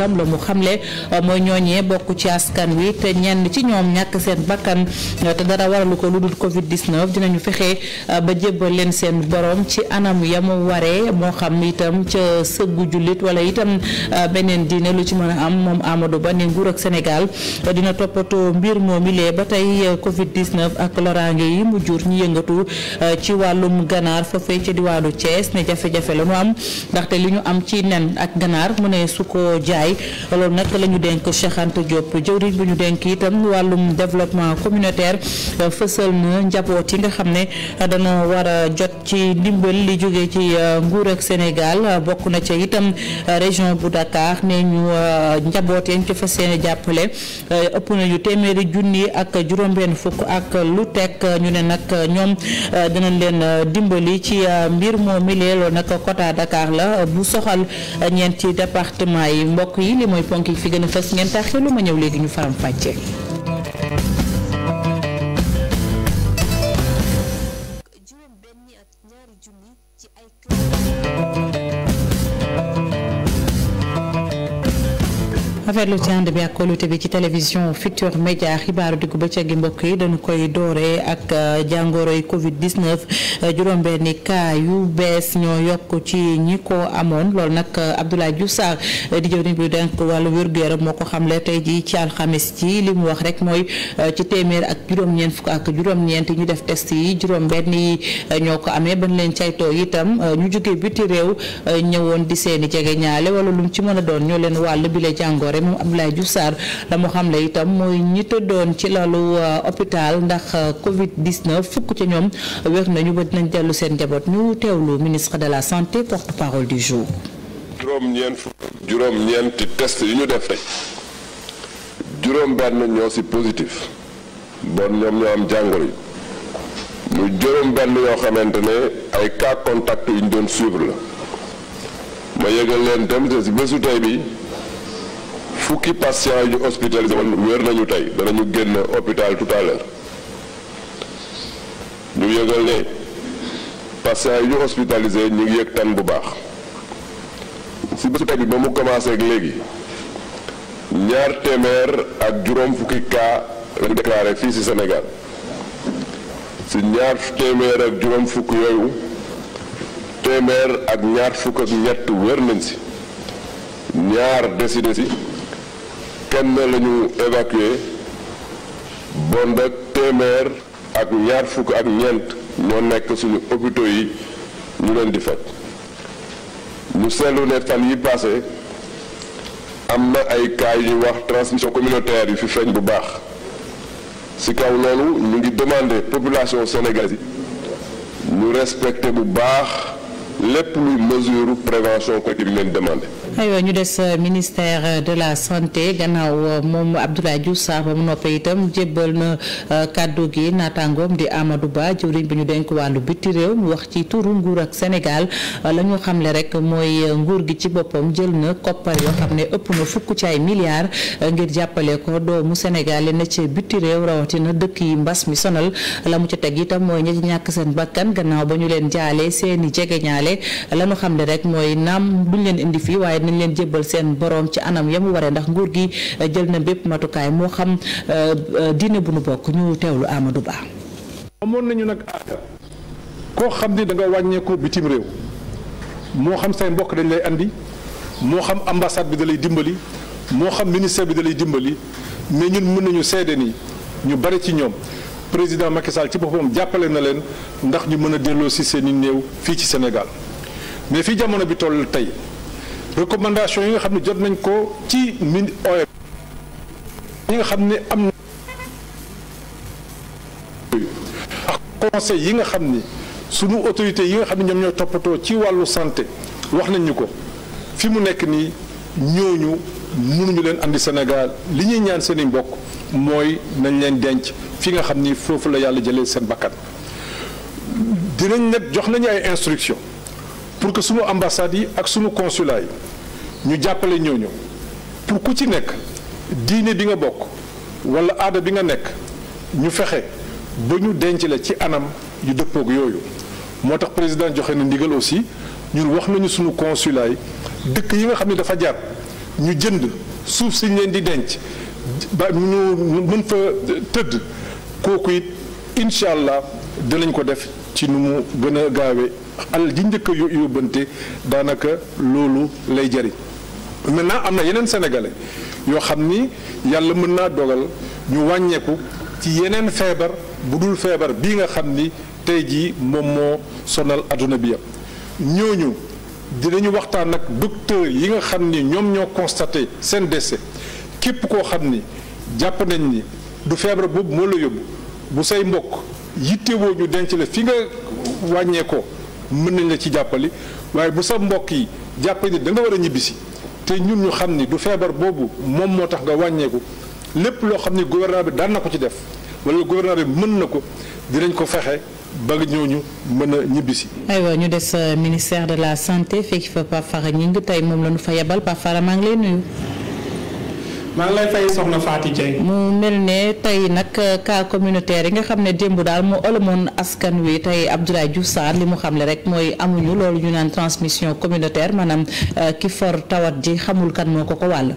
tam la mu xamle mooy ñooñee bokk ci askan wi te ñenn ci ñoom ñàkk seen bakkan te dara waralu ko lu dul Covid dina ñu fexe uh, ba jébbal leen seen boroom ci anam ya mu waree moo xam itam ca sëggu jullit wala itam uh, beneen diine lu ci mën a am moom Amadou Ba ne nguur ak Sénégal dina toppatoo mbir moom moomilee ba tey uh, Covid 19 ak loraange yi mu jur ñu yëngatu ci wàllum ganaar foofee ca diwaanu Thiès ne jafe-jafe la ñu am ndaxte li ñu am ci nen ak ganaar Ndiaye loolu nag la ñu dénk Cheikh Anta bu ñu dénk itam wàllum développement communautaire fësal na njaboot yi nga xam ne dana war a jot ci ndimbal li jóge ci euh, nguur ak Sénégal bokk na ca itam euh, région bu Dakar ne ñu euh, njaboot yañ ci fas yéene jàppale ëpp nañu téeméeri junni ak juróom-benn fukk ak lu tek ñu ne nag ñoom dinañ leen dimbali ci mbir moom mi loolu nag Dakar la bu soxal ñeent ci yi mbokk mbokk yi mooy ponk yi fi gën a fës ngeen taaxee lu ma léegi ñu faram rafetlu ci ànd bi ak kóolute bi ci télévision Futur Média xibaaru diggu bëccëg gi mbokk yi dañu koy dooree ak euh, jàngoroy Covid 19 euh, juróom-benni cas yu bees ñoo yokk ci ñi ko amoon lool nag euh, Abdoulaye Diouf Sarr di jëwriñ bi denk wàllu wér-gu-yaram moo ko xam xamle tey jii ci alxames ci li mu wax rek mooy ci téeméer ak juróom-ñeent fukk ak juróom-ñeent ñu def test yi juróom-benn yi ñoo ko amee bañ leen caytoo itam ñu jógee biti réew ñëwoon di seeni jege ñaale wala lu mu ci mën a doon ñoo leen wàll bi la jàngoro Ndiaye moom Abdoulaye Diouf Sarr la mu xamle itam mooy ñi tëddoon ci lalu euh, hôpital ndax euh, Covid 19 fukk ca ñoom wér nañu ba nañ dellu seen njaboot ñu teewlu ministre de la santé porte parole du jour. juróom-ñeent juróom-ñeenti test yi ñu def tey juróom-benn ñoo ci positif bon ñoom ñoo am jàngoro yi. lu juróom-benn yoo xamante ne ay cas contact yu ñu doon suivre la ma yëgal leen tam te ci tey bi fukki patient yu ñu hospitalisé woon wér nañu tey danañu génn hôpital tout à l'heure ñu yëgal ne patient yu ñu hospitalisé ñu ngi yëg tan bu baax si bésu tey bi ba mu commencé ak léegi ñaar téeméer ak juróom fukki cas lañu déclaré fii ci senegal si ñaar téeméer ak juróom fukk yooyu téeméer ak ñaar fukk ak ñett wér nañ si ñaar décidé si kenn la ñu évacué bon ak téeméer ak ñaar fukk ak ñeent ñoo nekk suñu hôpitaux yi ñu leen di faj ñu seetlu ne fan yi passé am na ay cas yu wax transmission communautaire yi fi feeñ bu baax ci kaw loolu ñu ngi demander population sénégalaise yi ñu respecté bu baax lépp luy mesure prévention ko ci leen demandé aywa ñu des euh, ministère euh, de la santé gannaaw euh, moom Abdoulaye Diouf Sarr ba noppee itam jébbal na kàddu gi nataangoom di Amadou Ba jëwriñ bi ñu dénk wàllu biti réew mu wax ci turu nguur ak Sénégal la ñu xamle rek mooy nguur gi ci boppam jël na koppar yoo xam ne ëpp na fukk ci ay milliards ngir jàppale ko doomu Sénégal yi ne ci biti réew rawatina dëkk yi mbas mi sonal la mu ca teg itam mooy ñi ñàkk seen bakkan gannaaw ba ñu leen jaalee seeni jegeñaale la ñu xamle rek mooy indi fii waaye nañ leen jébbal seen borom ci anam ya mu waree ndax nguur gi eh, jël na bépp matukaay moo xam eh, eh, diine bu nu bokk ñu teewlu Amadou Ba. amoon nañu nag aada koo xam ni da nga wàññeekoo bitim réew moo xam say mbokk dañ lay andi moo xam ambassade bi da dimbali moo xam ministère bi da dimbali mais ñun mën nañu seede ni ñu bari ci ñoom. président Macky Sall ci boppam jàppale na leen ndax ñu mën a delloo si seen i néew fii ci Sénégal mais fii jamono bi toll tey recommandation yi nga xam ne jot nañ ko ci min OM yi nga xam ne am na ak conseil yi nga xam ni sunu autorité yi nga xam ne ñoom ñoo toppatoo ci wàllu santé wax nañ ñu ko fi mu nekk nii ñooñu mënuñu leen andi Sénégal li ñuy ñaan seen i mbokk mooy nañ leen denc fi nga xam ni foofu la yàlla jëlee seen bakkan dinañ nag jox nañu ay instructions. pour que sunu ambassades yi ak sunu consulat ñu jàppale ñooñu pour ku ci nekk diine bi nga bokk wala aada bi nga nekk ñu fexe ba ñu denc la ci anam yu dëppoog yooyu moo tax président joxe na ndigal aussi ñun wax nañu sunu consulat yi dëkk yi nga xam ni dafa jaar ñu jënd suuf si ñu leen di denc ba ñu mën fa tëdd kooku it incha allah dinañ ko def ci nu mu gën a alal ji njëkk a yóbbante daanaka loolu lay jariñ maintenant am na yeneen senegale yoo xam ni yàlla mën naa dogal ñu wàññeeku ci yeneen feebar bu dul feebar bii nga xam ni tey jii moom moo sonal àdduna bi yëpp ñooñu dinañu waxtaan ak docteur yi nga xam ni ñoom ñoo constaté seen décès képp koo xam ni jàpp nañ ni du feebar boobu moo la yóbbu bu say mbokk yittewoo ñu denc la fi nga wàññee mën nañ la ci jàppali waaye bu sa mbokk yi jàppee ni da war a ñibbisi te ñun ñu xam ni du feebar boobu moom moo tax nga wàññeeku lépp loo xam ni gouvernement bi daan na ko ci def wala gouvernement bi mën na ko dinañ ko fexe ba ñooñu mën a ñibbisi. aywa ñu des euh, ministère de la santé fekk fa Pape Fara Gningue tey moom la ñu fa yebal Pape Fara maa ngi lay nuyu. maa ngi lay fay mu mel ne tey nag kaa euh, communautaire yi nga xam ne démb daal mu ëlëmoon askan wi tey Abdoulaye Diouf Sarr li mu xamle rek mooy amuñu loolu ñu naan transmission communautaire maanaam euh, ki for tawat ji xamul kan moo ko ko wàll.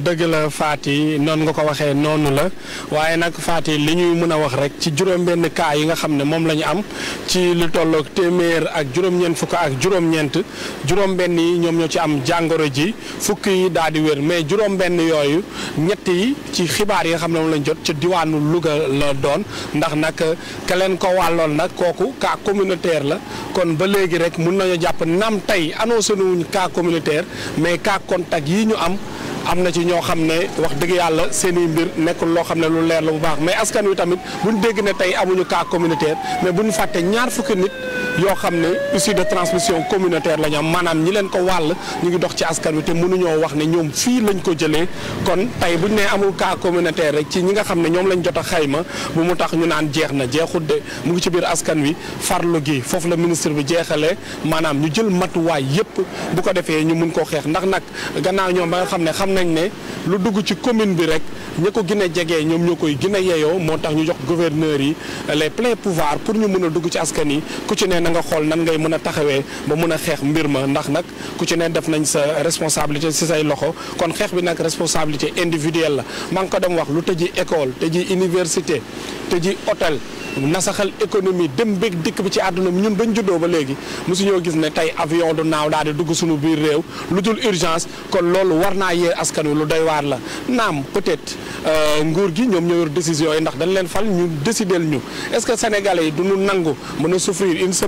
dëgg la faat yi noonu nga ko waxee noonu la waaye nag yi li ñuy mën a wax rek ci juróom-benn cas yi nga xam ne moom la ñu am ci lu tollook téeméer ak juróom-ñeent fukk ak juróom-ñeent juróom-benn yi ñoom ñoo ci am jàngoro ji fukk yi daal di wér mais juróom-benn yooyu ñett yi ci xibaar yi nga xam ne moom lañ jot ci diwaanu Louga la doon ndax nag ka ko wàlloon nag kooku cas communautaire la kon ba léegi rek mun nañu jàpp naam tey annoncé wuñ cas communautaire mais cas contact yi ñu am. am na ci ñoo xam ne wax dëgg yàlla seen i mbir nekkul loo xam ne lu leer la bu baax mais askan wi tamit buñ dégg ne tey amuñu cas communautaire mais ñu fàttee ñaar fukki nit yoo xam ne issue de transmission communautaire la ñu am maanaam ñi leen ko wàll ñu ngi dox ci askan wi te mënuñoo wax ne ñoom fii lañ ko jëlee kon tey buñ nee amul cas communautaire rek ci ñi nga xam ne ñoom lañ jot a xayma bu mu tax ñu naan jeex na jeexut de mu ngi ci biir askan wi farlu gi foofu la ministre bi jeexalee maanaam ñu jël matuwaay yépp bu ko defee ñu mun koo xeex ndax nag gannaaw ñoom ba nga xam ne xam nañ ne lu dugg ci commune bi rek ñi ko gën a jege ñoom ñoo koy gën a moo tax ñu jox gouverneur yi les pleins pouvoirs pour ñu mun a dugg ci askan yi na nga xool nan ngay mën a taxawee ba mën a xeex mbir ma ndax nag ku ci ne def nañ sa responsabilité si say loxo kon xeex bi nag responsabilité individuelle la maa ngi ko dem wax lu tëji école tëji université tëji hôtel nasaxal économie dem béeg dikk bi ci àdduna bi ñun bañ juddoo ba léegi ñoo gis ne tey avion du naaw daal di dugg suñu biir réew lu dul urgence kon loolu war naa yee askan wi lu doy waar la naam peut-être euh, nguur gi ñoom ñoo yor décision yi ndax dañ leen fal ñu décider ñu est-ce que sénégalais yi duñu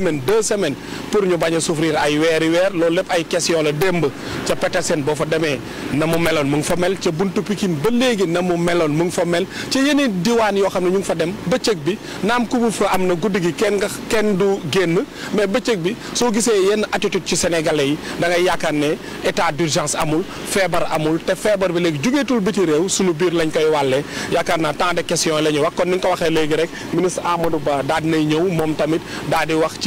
semaine deux semaines pour ñu bañ a souffrir ay weeri weer loolu lépp ay question la démb ca Petersen boo fa demee na mu meloon mu ngi fa mel ca buntu Pikine ba léegi na mu meloon mu ngi fa mel ca yeneen diwaan yoo xam ne ñu ngi fa dem bëccëg bi naam ku fa am na guddi gi kenn nga kenn du génn mais bëccëg bi soo gisee yenn attitude ci sénégalais yi da yaakaar ne état d'urgence amul feebar amul te feebar bi léegi jugeetul ci réew suñu biir lañ koy wàllee yaakaar naa tant de questions la ñuy wax kon ni nga ko waxee léegi rek ministre Amadou Ba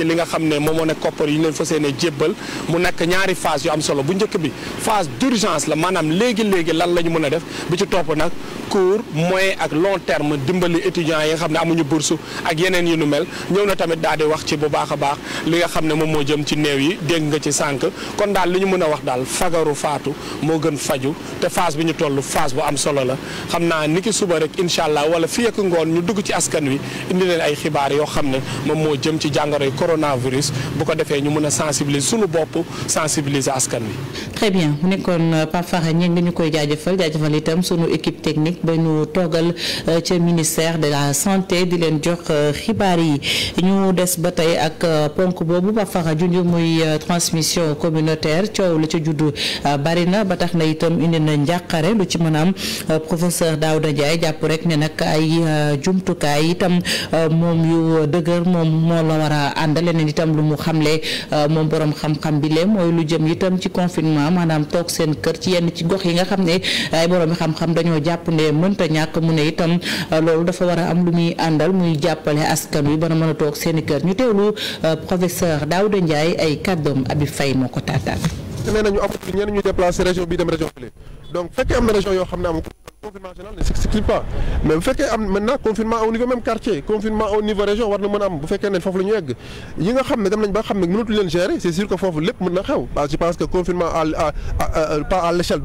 li nga xam ne moom moo nekk koppar yi ñu leen fas yéene jébbal mu nekk ñaari phase yu am solo bu njëkk bi phase d'urgence la maanaam léegi-léegi lan la ñu mën a def bi ci topp nag court moyen ak long terme dimbali étudiants yi nga xam ne amuñu bourse ak yeneen yi nu mel ñëw na tamit daal di wax ci bu baax a baax li nga xam ne moom moo jëm ci néew yi dégg nga ci sànq kon daal li ñu mën a wax daal fagaru faatu moo gën faju te phase bi ñu toll phase bu am solo la xam naa ni ki suba rek incha allah wala fii ngoon ñu dugg ci askan wi ay xibaar yoo xam ne moom moo jëm ci jàngoro coronavirus bu ko defee ñu mën a sensibiliser suñu bopp sensibiliser askan wi. très bien mu nekkoon euh, Pape Faxa ñeen nga ñu koy jaajëfal jaajëfal itam sunu équipe technique ba ñu toogal euh, ca ministère de la santé di leen jox euh, xibaar yi ñu des ba tey ak ponk boobu Pape ju junj muy transmission communautaire coow la ca juddu bari na ba tax na itam indi na njàqare lu ci mën a am professeur Daouda Ndiaye jàpp rek ne nag ay jumtukaay itam moom yu dëgër moom la war a àndal leneen itam lu mu xamle euh, moom borom xam-xam bi lee mooy lu jëm itam ci confinement maanaam toog seen kër ci yenn ci gox yi nga xam ne ay borom xam-xam dañoo jàpp ne mënta ñàkk mu ne itam euh, loolu dafa war a am lu muy àndal muy jàppale askan wi ba na mën a toog seen i kër ñu teewlu euh, professeur Daouda Ndiaye ay kàddoom Abi Faye moo ko taataan. nee nañu amul ñenn donc bu fekkee am na région yoo xam ne amul confinement général ne s'explique pas mais bu fekkee am maintenant confinement au niveau quartier confinement au région war na mën a am bu fekkee ne foofu la egg yi nga xam ne dem nañ ba xam ne mënatu leen gérer c'est sûr que foofu lépp mën na xew parce que je pense que confinement à euh,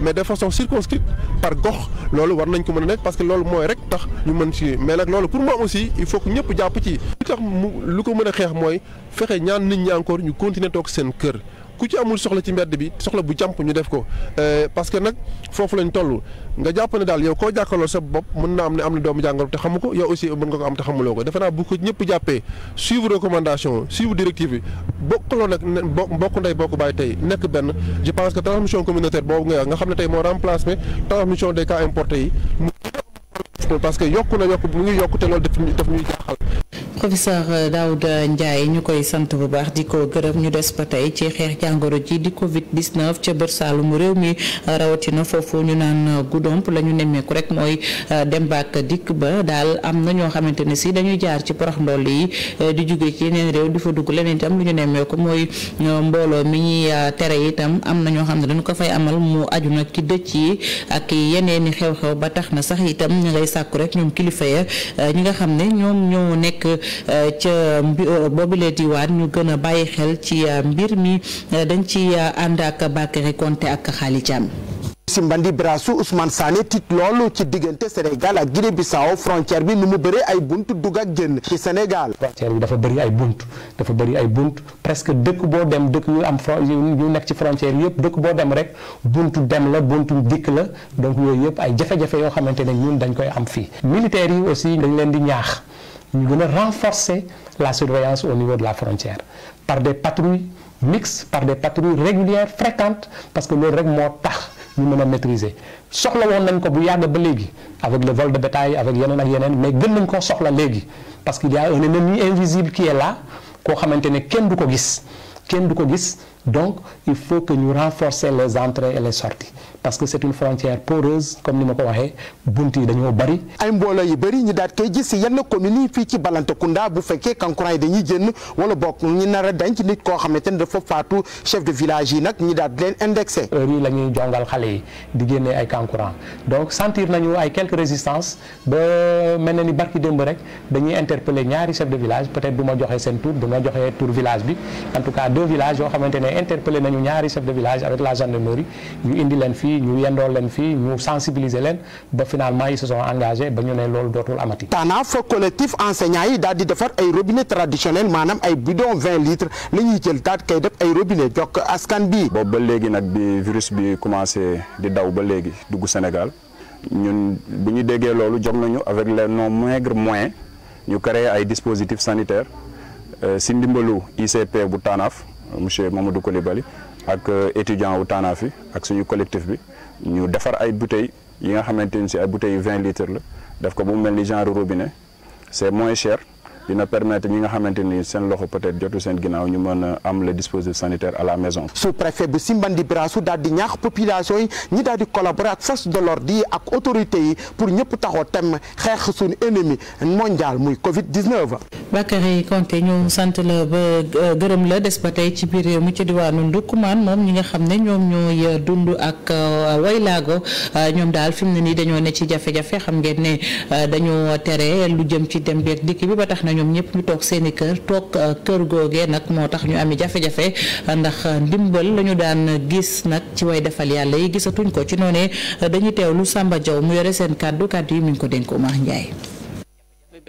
mais de façon circonscrite par gox loolu war nañ ko mën a nekk parce que loolu mooy rek tax ñu mën ci mais nag loolu pour moi aussi il faut que ñëpp jàpp ci li tax mu lu ko mën a xeex mooy fexe ñaan nit ñi encore ñu continuer toog seen kër ku ci amul soxla ci mbedd bi soxla bu jàmp ñu def ko euh, parce que nag foofu lañ toll nga jàpp ne daal yow koo jàkkaloo sa bopp mën na am ne am na doomu jàngoro te xamu ko yow aussi mën nga ko am te xamuloo ko defe naa bu ko ñëpp jàppee suivre recommandation suivre directive bi bokkaloo nag bokk ndey bokk bàyyi tey nekk benn je pense que transmission communautaire boobu nga nga xam ne tey moo remplacé transmission des cas importés yi parce que yokku na yokk mu ngi professeur euh, Daouda Ndiaye ñu koy sant bu baax di ko gërëm ñu des ba tey ci xeex jàngoro ji di Covid 19 ca bër saalumu réew mi rawatina foofu ñu naan euh, gudomp la ñu nemmeeku rek mooy euh, dem baak dikk ba daal am na ñoo xamante ne si dañuy jaar ci porox ndoll yi di jóge ci yeneen di fa dugg leneen itam lu ñu nemmeeku mooy mbooloo mi ñuy tere itam am na ñoo xam ne dañu ko fay amal mu aju nag ci dëcc yi ak yeneeni xew-xew ba tax na sax itam ñu ngay sàkku rek ñoom kilifa ya ñi nga xam ne ñoom ñoo nekk. Euh, ca euh, boobule diwaan ñu gën bàyyi xel ci euh, mbir mi dañ ci ànd ak Bakary Konte ak Xaali Thiam si mbandi brasu Ousmane Sané tiit loolu ci diggante Sénégal ak Guinée Bissau frontière bi nu mu bëree ay bunt dugg ak génn ci Sénégal frontière bi dafa bëri ay bunt dafa bëri ay bunt presque dëkk boo dem dëkk yu am yu nekk ci frontière yëpp dëkk boo dem rek buntu dem la bunt dikk la donc yooyu yëpp ay jafe-jafe yoo xamante ne ñun dañ koy am fii militaires dañ leen di ñaax ñu gën a renforcer la surveillance au niveau de la frontière par des patrouilles mixtes par des patrouilles régulières fréquentes parce que loolu rek moo tax ñu mën a maîtriser soxla woon nañ ko bu yàgg ba léegi avec le vol de bétail avec yeneen ak yeneen mais gën nañ koo soxla léegi parce que il y a un ennemi invisible qui est là koo xamante ne kenn du ko gis kenn du ko gis donc il faut que ñu renforcer les entrées et les sorties parce que c'est une frontière poreuse comme ni ma ko waxee bunt yi dañoo bari. ay mbooloo yu bari ñu daat koy gis si yenn communes fii ci Balantacounda bu fekkee kankurang yi dañuy génn wala bokk ñu nar a denc nit koo xamante ne dafa faatu chef de village yi nag ñu daat leen indexé. heure yi la jongal xale yi di génne ay kankurang donc sentir nañu ay quelques résistances ba mel na ni barki démb rek dañuy interpeller ñaari chef de village peut-être fii ñu yendoo leen fii ñu sensibiliser leen ba finalement ils se sont engagés ba ñu ne loolu dootul amati. TANAF collectif enseignants yi daal di defar ay robinet traditionnel maanaam ay bidon 20 litres la ñuy jël daal kay def ay robinet jokk askan bi. boobu ba léegi nag bi virus bi commencé di daw ba léegi dugg Sénégal ñun bu ñu déggee loolu jóg nañu avec les non maigres moyens ñu créé ay dispositifs sanitaires euh, si ndimbalu ICP bu TANAF monsieur Mamadou Coulibaly. ak euh, étudiant wu Tanaafi ak suñu collectif bi ñu defar ay bouteilles yi nga xamante ni si ay bouteilles yu 20 litres la def ko bu mu mel ni genre robinet c'est moins cher. dina permettre ñi nga xamante ni seen loxo peut-être jotu seen ginnaaw ñu mën a am le dispositif sanitaire à la maison. sous-préfet bi Simbandi Birassou daal di ñaax population yi ñi daal di collaborer ak force de l'ordre yi ak autorités yi pour ñëpp taxaw tem xeex suñu ennemi mondial muy Covid 19. Bakary Konte ñu sant la ba euh, gërëm la des ba tey ci biir réew mi ci diwaanu Ndoukoumane moom ñi nga xam ne ñoom ñooy euh, dund ak euh, waylaago ñoom daal fi mu ne nii dañoo ne ci jafe xam ngeen ne dañoo tere lu jëm ci dem beeg ñoom ñëpp ñu toog seen i kër toog euh, kër googee nag moo tax ñu amee jafe-jafe ndax euh, ndimbal la ñu daan gis nag ci way defal yàlla yi gisatuñ ko ci noonee teew euh, teewlu Samba Diaw mu yore seen kàddu kàddu yi muñ ko dénk ko Ndiaye.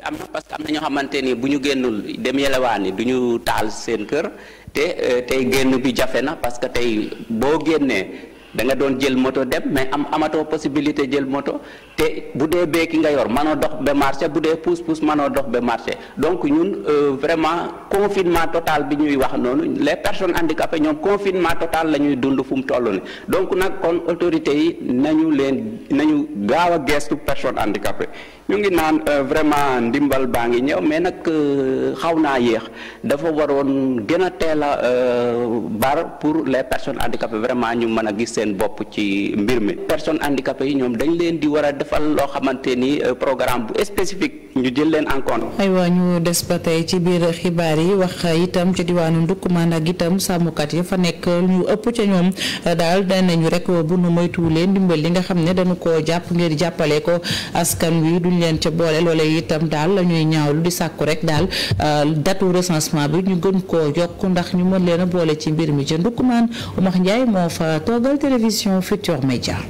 am na parce que am na ñoo xamante ni bu ñu génnul dem yelewaani du ñu taal seen kër te tey génn bi jafe na parce que tey boo génnee. da nga doon jël moto dem mais am amatoo possibilité jël moto te bu dee bee nga yor manoo dox ba marché bu dee pousse pouse manoo dox ba marché donc ñun euh, vraiment confinement total bi ñuy wax noonu les personnes handicapées ñoom confinement total lañuy dund fu mu toll ni donc nag kon autorités yi nañu leen nañu gaaw a geestu personnes handicapées ñu ngi naan euh, vraiment ndimbal baa ngi ñëw mais nag euh, xaw naa yéex dafa waroon gën a teel a euh, bar pour les personnes handicapées vraiment ñu mën a gis seen bopp ci mbir mi personnes handicapées yi ñoom dañ leen di war a defal loo xamante ni programme bu spécifique ñu jël leen en compte. aywa ñu des ba tey ci biir xibaar yi wax itam ci diwaanu Ndoukoumane ak itam sàmmukat yi fa nekk ñu ëpp ca ñoom daal danañu rek bu nu moytuwulee ndimbal li nga xam ne dañu koo jàpp ngir jàppale ko askan duñ leen ca boole loolee itam daal la ñuy ñaawlu di sàkku rek daal euh, datu recensement bi ñu gën koo yokk ndax ñu mën leen a boole ci mbir mi ca Ndoukoumane Oumar Ndiaye moo fa toogal télévision Futurs Médias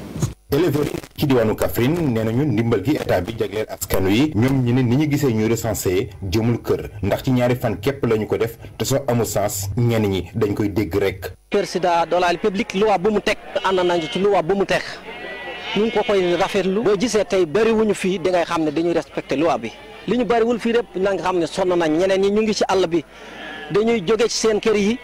éleveurs yi ci diwaanu Kaffrine nee nañu ndimbal gi état bi jagleel askan wi ñoom ñi ne ni ñu gisee ñu recensé jëmul kër ndax ci ñaari fan képp la ko def te soo amul sens ñenn ñi dañ koy dégg rek. président de la république ñu ngi ko koy rafetlu boo gisee tey bëri wuñu fii da ngay xam ne dañuy respecté loi bi li ñu bëriwul fii rëpp na xam ne sonn nañ ñeneen ñi ñu ngi ci àll bi dañuy jóge ci seen kër yi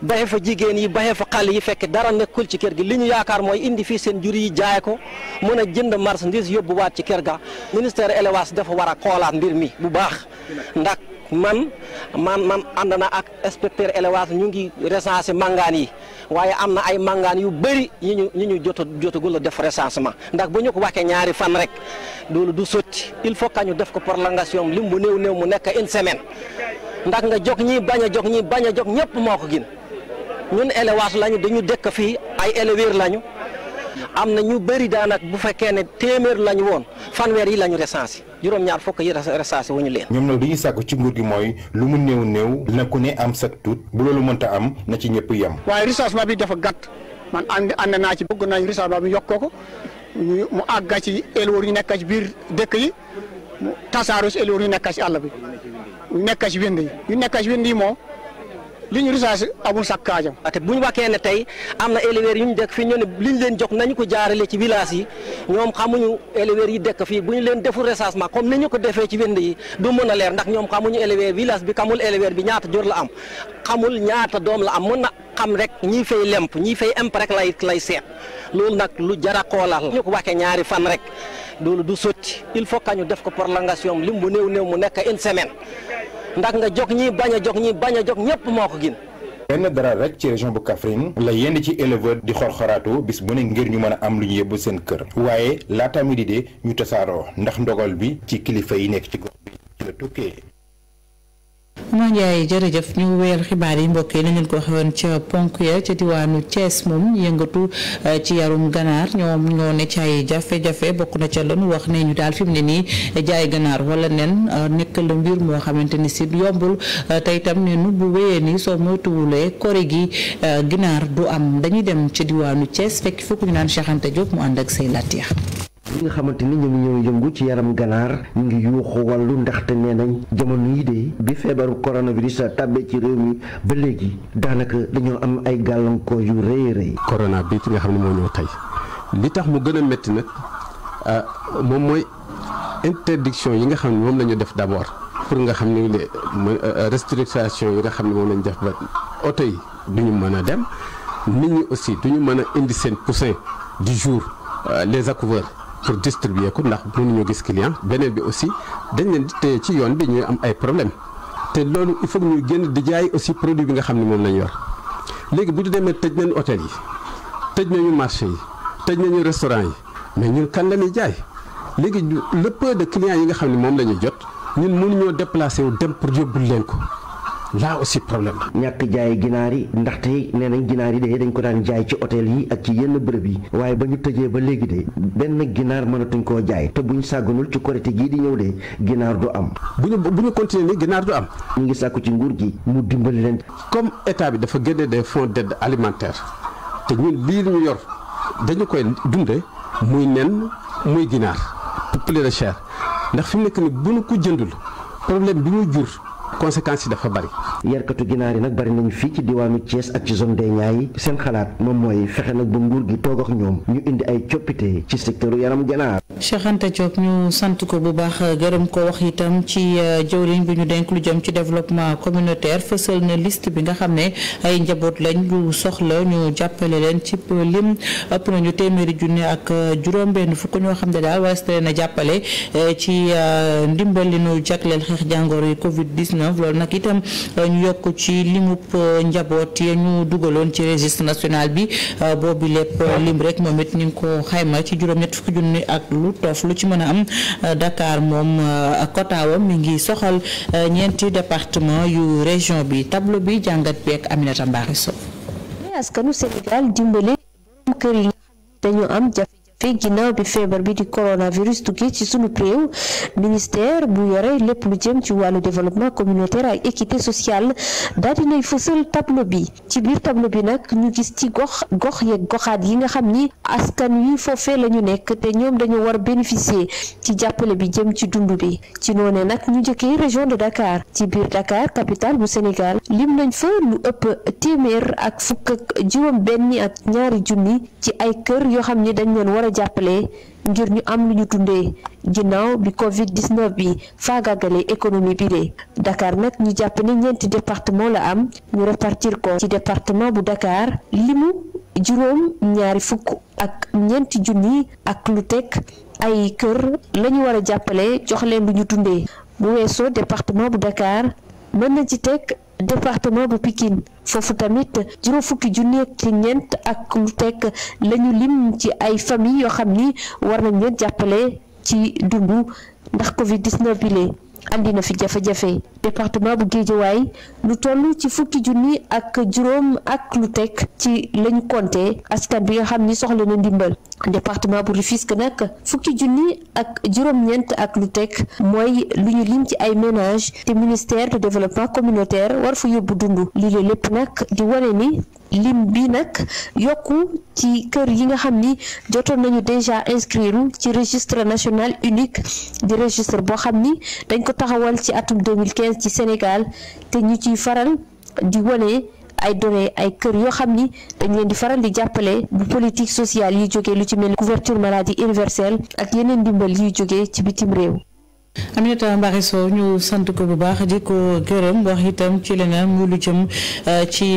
baxe fa jigéen yi baxe fa xale yi fekk dara nekkul ci kër gi li ñu yaakaar mooy indi fii seen jur yi jaay ko mën a jënd marchandise waat ci kër ga ministère élevage dafa war a xoolaat mbir mi bu baax ndax man man man ànd na ak inspecteur élevage ñu ngi recensé mangaan yi waaye am na ay mangaan yu bëri yi ñu ñu ñu jota jotagul a def recensement ndax bu ñu ko waxee ñaari fan rek loolu du sotti il faut que ñu def ko prolongation lim bu néew néew mu nekk une semaine ndax nga jox ñi bañ a jog ñi bañ a jog ñëpp moo ko gin ñun élevage lañu dañu dëkk fii ay éleveur lañu. am na ñu bëri daanaka bu fekkee ne téeméer lañu woon fanweer yi lañu recensé juróom-ñaar fukk yi recensé wu ñu leen. ñoom nag li ñu sàkku ci nguur gi mooy lu mu néew néew. na ku ne am sag tuut bu loolu mënta am na ci ñëpp yem. waaye recensement bi dafa gàtt man ànd ànd naa ci bëgg nañ recensement bi yokk ko mu àgga ci éleveurs yu nekk ci biir dëkk yi mu tasaaroo si éleveurs yu nekk ci àll bi yu nekk ci wénd yi yu nekk ci wénd yi moom. liñ recherche amul sax kaajam. te bu ñu waxee ne tey am na éleveurs yu ñu dëkk fii ñu ne liñ leen jox nañu ko jaarale ci village yi ñoom xamuñu éleveurs yi dekk fii bu ñu leen deful recensement comme ni ñu ko defee ci wend yi du mën a leer ndax ñoom xamuñu éleveur village bi xamul éleveur bi ñaata jur la am xamul ñaata doom la am mën na xam rek ñi fay lemp ñi fay imp rek lay lay seet loolu nag lu jar a xoolal ñu ko wakkee ñaari fan rek loolu du sotti il faut que ñu def ko prolongation lim bu néew néew mu nekk une semaine. ndax nga jog ñi bañ a jog ñi bañ a jog ñëpp moo ko gin benn dara rek ci région bu Kaffrine la yenn ci éleveur di xorxoraatu bis bu ne ngir ñu mën a am lu ñu yóbbu seen kër waaye laata mi di dee ñu tasaaroo ndax ndogal bi ci kilifa yi nekk ci gox bi ci la tukkee moo Ndiaye jërëjëf ñu wéyal xibaar yi mbokkee yi nañu ko waxee woon ca ponk ya ca diwaanu cees moom yëngatu eh, ci yarum ganaar ñoom ñoo ne ci jafe-jafe bokk na ca loolu wax ne ñu daal fi mu ne nii jaay ganaar wala nen eh, nekk la mbir moo xamante ni si yombul eh, tey itam ne nu bu wéyee nii soo moytuwulee kore gi ginaar du am dañuy dem ci diwaanu cees fekk fukk ñu naan Cheikh Anta mu ànd ak say latiya ñi nga xamante ni ñu ngi ñëw yëngu ci yaram ganaar mu ngi yuuxu wàllu ndaxte nee nañ jamono yi de bi feebaru coronavirus tàbbee ci réew mi ba léegi daanaka dañoo am ay gàllankoor yu rëy rëy. corona bi ki nga xam ne moo ñëw tey li tax mu gën a métti nag ah, moom mooy interdiction yi nga xam ne moom la ñu def d'abord pour nga xam ne euh, euh, restriction yi nga xam ne moom la ñu def ba oto yi du ñu mën a dem nit ñi aussi du ñu mën a indi seen poussin di jour euh, les accouveurs. pour distribuer ko ndax mënuñu gis client beneen bi aussi dañ leen di téye ci yoon bi ñuy am ay problème te loolu il faut ñuy génn di jaay aussi produit bi nga xam ne moom lañ yor léegi bu ñu demee tëj nañu hôtel yi tëj nañu marché yi tëj nañu restaurant yi mais ñun kan la ñuy jaay léegi le peu de clients yi nga xam ne moom la ñuy jot ñun mënuñoo déplacé wu dem pour yóbbul leen ko. là aussi problème la. ñàkk jaay ginaar yi ndaxte nee nañ ginaar yi de dañ ko daan jaay ci hôtel yi ak ci yenn bërëb yi waaye ba ñu tëjee ba léegi de benn ginaar mënatuñ koo jaay te bu buñ sàgganul ci korite gii di ñëw de ginaar du am. bu ñu bu ñu continuer ni ginaar du am. ñu ngi sàkku ci nguur gi mu dimbali leen. comme état bi dafa génne des fonds dedd alimentaire te ñun lii ñu yor dañu koy dunde muy nen muy ginaar pour plus cher ndax fi nekk ni bu ko jëndul conséquences yi dafa bari. yarkatu ginaar yi nag bari nañu fii ci diwaanu Thiès ak ci zone des Niayes seen xalaat moom mooy fexe nag ba nguur gi toog ak ñoom ñu indi ay coppite ci secteur yaram ginaar. Cheikh Anta ñu sant ko bu baax gërëm ko wax itam ci euh, jëwriñ bi ñu denk lu jëm ci développement communautaire fësal na liste bi nga xam ne ay njaboot lañ lu soxla ñu jàppale leen ci lim ëpp nañu téeméeri junne ak euh, juróom-benn fukk ñoo xam ne daal war na jàppale euh, ci ndimbal 2019 loolu nag itam euh, ñu yokk ci limub euh, njaboot ya ñu dugaloon ci registre national bi euh, boobu lépp lim rek moom it ñu ngi ko xayma ci juróom-ñett fukki junni ak lu toof lu ci mën a am dakaar moom kotaawam mi ngi soxal ñeenti département yu région bi tableau bi jàngat beek Aminata Mbaari Sow askanu Sénégal te ginnaaw bi feebar bi di coronavirus tukkee ci sunu réew ministère bu yore lépp lu jëm ci wàllu développement communautaire ak équité sociale daal dinay fësal tableau bi ci biir tableau bi nag ñu gis ci gox gox yeeg goxaat yi nga xam ni askan wi foofee la ñu nekk te ñoom dañu war bénéficier ci jàppale bi jëm ci dund bi ci noone nag ñu jëkkee région de Dakar ci biir Dakar capitale bu Sénégal lim nañ fa lu ëpp téeméer ak fukk ak juróom benni ak ñaari jàppale ngir ñu am lu ñu dundee ginnaaw bi Covid 19 bi faagaagalee économie bi dakaar Dakar ñu jàpp ni ñeenti département la am ñu répartir ko ci département bu dakaar limu juróom ñaari fukk ak ñeenti junni ak lu tek ay kër la ñu war a jàppale jox leen lu ñu dundee bu weesoo département bu Dakar mën na ci teg département bu Pikine foofu tamit juróom fukki junni ci ñeent ak lu teg lañu lim ci ay famille yoo xam ni war nañ leen jàppale ci dund ndax Covid 19 bi lee andi na fi jafe-jafe. département bu Géejawaay lu toll ci fukki junni ak juróom ak lu tek ci lañu compté askan bi nga xam ni soxla na ndimbal département bu Rufisque nag fukki junni ak juróom-ñeent ak lu tek mooy lu ñu lim ci ay ménage te ministère du développement communautaire war fa yóbbu dund lii la lépp nag di wane ni lim bi nag yokku ci kër yi nga xam ni jotoon nañu déjà inscrire ci registre national unique di registre boo xam ni dañ ko taxawal ci atum ci Sénégal te ñu ciy faral di wane ay données ay kër yoo xam ni dañ leen di faral di jàppale bu politique sociale yi jógee lu ci mel couverture maladie universelle ak yeneen ndimbal yuy jógee ci bitim réew Aminata Mbaye Sow ñu sant ko bu baax di ko gërëm wax itam ci leneen mu lu jëm euh, ci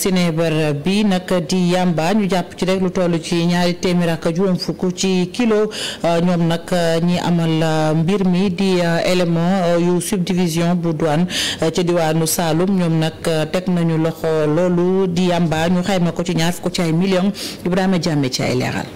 sinébar euh, bi nag di yamba ñu jàpp ci rek lu toll ci ñaari téeméer ak juróom fukk ci kilo euh, ñoom nag ñi amal mbir mi di élément yu subdivision bu doon ci diwaanu Saloum ñoom nag teg nañu loxo loolu di yamba ñu xayma ko ci ñaar fukk ci ay millions Ibrahima Jàmme ci ay leeral.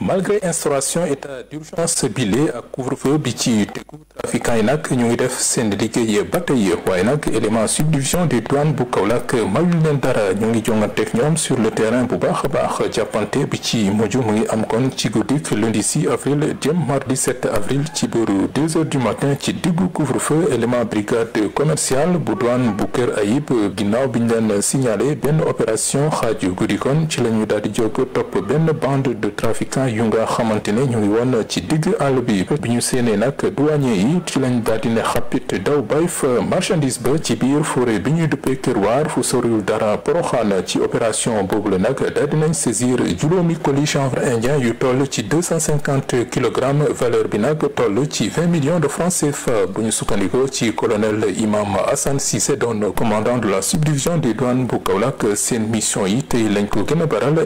malgré instauration état d'urgence bile ak couvre-feu bi ci tegu trafiquant yi nag ñu ngi def seen liggéey ba tey waaye nag élément subdivision des douanes bu Kaolack mayul leen dara ñu ngi jonganteeg ñoom sur le terrain bu baax a baax jàppante bi ci mujj mu ngi am kon ci guddik lundi 6 avril jëm mardi 7 avril ci booru 2 heures du matin ci diggu couvre-feu élément brigade commerciale bu douane bu Kër Ayib ginnaaw bi ñu leen signalé benn opération xaaju guddi kon ci la ñu daal di jóg topp benn bande de trafiquants manifestant yu nga xamante ne ñu ngi woon ci digg àll bi bi ñu séenee nag douanier yi ci lañ daal di ne daw bay fa marchandise ba ci biir forêt bi ñuy duppee Kër Waar fu soriwul dara poroxaan ci opération boobu la nag daal dinañ saisir juróomi colis chanvre indien yu toll ci deux cent cinquante kilogrammes valeur bi nag toll ci vingt millions de francs CFA bu ñu sukkandikoo ci colonel Imam Assane Cissé doon commandant de la subdivision des douanes bu Kaolack seen mission yi tey a baral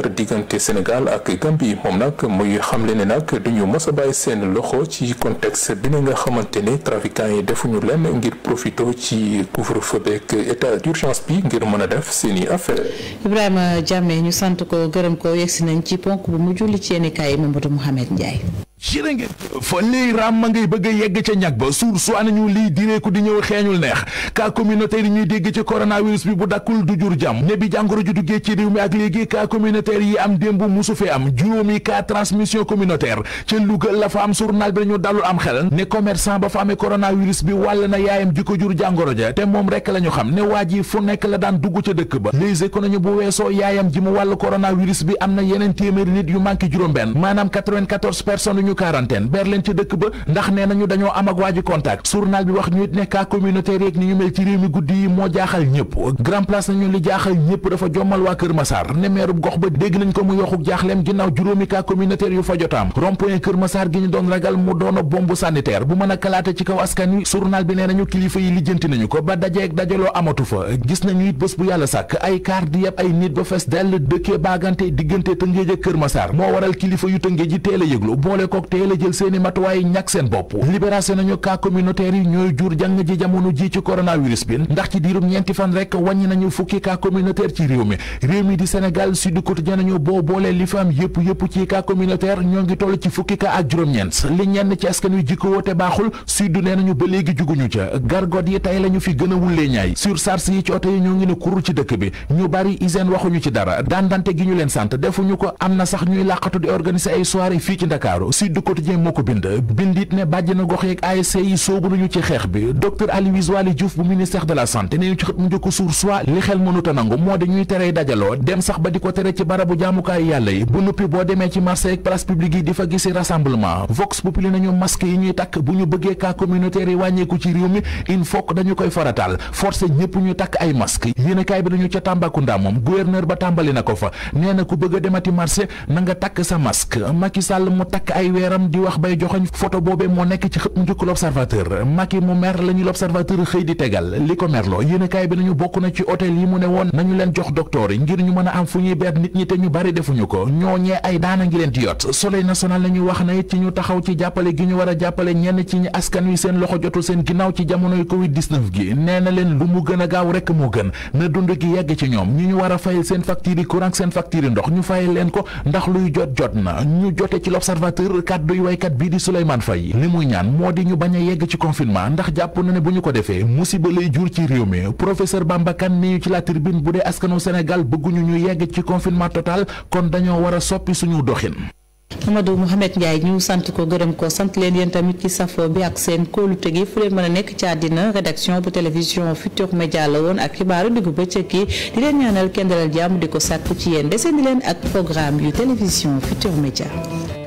frontière diggante Sénégal ak Gambie moom nag muy xamle ne nag duñu mës a bàyyi seen loxo ci contexte bi nga xamante ne trafiquants yi defuñu leen ngir profito ci couvre-feu beeg état d'urgence bi ngir mën a def seeni affaire. Ibrahima Diame ñu sant ko gërëm ko yegsi nañ ci ponk bu mujj li ci yéenekaay Mamadou Mouhamed Ndiaye. jërë ngeen jëf lii ngay bëgg a yegg ca ñag ba suur su anañu lii direeku di ñëw xeeñul neex cas communautaire yi ñuy dégg ci coronavirus bi bu dakkul du jur jàmm ne bi jàngoro ju duggee ci réew mi ak léegi cas communautaire yi am démb musu fi am juróomi cas transmission communautaire ca Louga la fa am journal bi dañu dalul am xel ne commerçant ba fa amee coronavirus bi wàll na yaayam ji ko jur jàngoro ja te moom rek la xam ne waa ji fu nekk la ñu quarantaine ber leen ci dëkk ba ndax nee nañu dañoo am ak waa ji contact bi wax ñu it ne cas communautaire ni ñu mel ci réew mi guddi yi moo jaaxal ñëpp grand place nañu li jaaxal ñëpp dafa jommal waa Kër Massar ne gox ba dégg nañ ko mu yoxuk jaaxleem ginnaaw juróomi cas communautaire yu fa jotaam rond Kër Massar gi ñu doon ragal mu doona bombe sanitaire bu mën a kalaate ci kaw askan wi bi nee nañu kilifa yi lijjanti nañu ko ba dajeeg dajaloo a toog teel a jël seeni matuwaay ñàkk seen bopp libération nañu cas communautaire yi ñooy jur jàng ji jamono ji ci coronavirus bi ndax ci diirum ñeenti fan rek wàññi nañu fukki cas communautaire ci réew mi réew mi di Sénégal Sud Quotidien nañu boo boolee li fa am yëpp yëpp ci cas communautaire ñoo ngi toll ci fukki cas ak juróom-ñeent li ñenn ci wi jikkoo te baaxul Sud nee nañu ba léegi juguñu ca gargot yi tey lañu fi gën a wullee ñaay sursars yi ci yi ñoo ngi ne Sud du Quotidien moo ko bind bindit ne bàjj na gox yeeg yi soobu nañu ci xeex bi docteur Aloyse Waly Diouf bu ministère de la santé ne ñu ci xët mu di ba di ko tere ci barabu jaamukaay yàlla yi bu nuppi boo demee ci marché ak place publique yi di fa gisi rassemblement vox populi nañu masque yi ñuy takk bu ñu bëggee cas communautaire yi wàññeeku ci réew mi il dañu koy farataal forcé ñëpp ñu takk ay masque yéenekaay bi nañu ca Tambacounda moom gouverneur ba tàmbali a weeram di wax bay joxoñ photo boobee moo nekk ci xët mu njëkk l'observateur Macky mu mer la ñu xëy di tegal li ko merloo yéenekaay bi nañu bokk na ci hôtel yi mu ne woon nañu leen jox docteur yi ngir ñu mën a am fu ñuy beer nit ñi te ñu bari defuñu ko ñooñee ay daana leen di yot soleil nañu wax na ci ñu taxaw ci jàppale gi ñu war jàppale ñenn ci askan wi seen loxo jotul seen ginnaaw ci jamonoy covid gi nee na leen lu mu gën a kàdduy waykat bii di Souleymane Faye li muy ñaan moo di ñu bañ a yegg ci confinement ndax jàpp na ne bu ñu ko defee musiba lay jur ci réew mi professeur Bamba Kane ni ñu ci la tribune bu dee askanu Sénégal bëgguñu ñu yegg ci confinement total kon dañoo war a soppi suñu doxin Amadou Mouhamed Ndiaye ñu sant ko gërëm ko sant leen tamit ci safo bi ak seen kóolute gi fu leen mën a nekk ci àddina rédaction bu télévision Futurs Médias la woon ak xibaaru diggu bëccëg yi di leen ñaanal kenn dalal jàmm di ko sàkku ci yéen deseen di leen ak programme yu télévision Futurs Médias